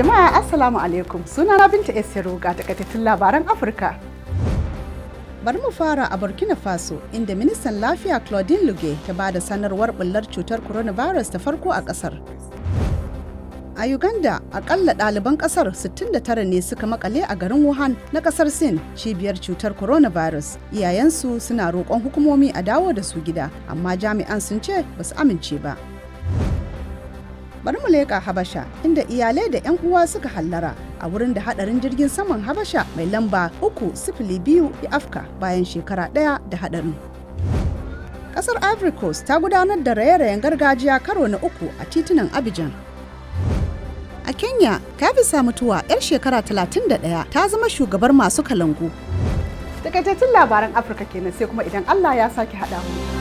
Jama'a Assalamu alaikum suna na Binta Esiru ga takaitattun labaran Afirka. Bari mu fara a Burkina Faso inda ministan lafiya Claudine Luge ta ba da sanarwar bullar cutar coronavirus ta farko a kasar. A Uganda, akalla ɗaliban ƙasar 69 ne suka makale a garin Wuhan na ƙasar Sin cibiyar cutar coronavirus. Iyayensu suna roƙon hukumomi a dawo da su gida, amma jami'an sun ce ba su amince ba. bari mu leƙa habasha inda iyalai da 'yan uwa suka hallara a wurin da hadarin jirgin saman habasha mai lamba uku sifili biyu ya afka bayan shekara ɗaya da hadarin Ƙasar ivory coast ta gudanar da raye-rayen gargajiya karo na uku a titunan abidjan a kenya kafisa mutuwa 'yar shekara 31 ta zama shugabar masu kalangu takaitattun labaran afirka kenan sai kuma idan allah ya sake haɗa mu.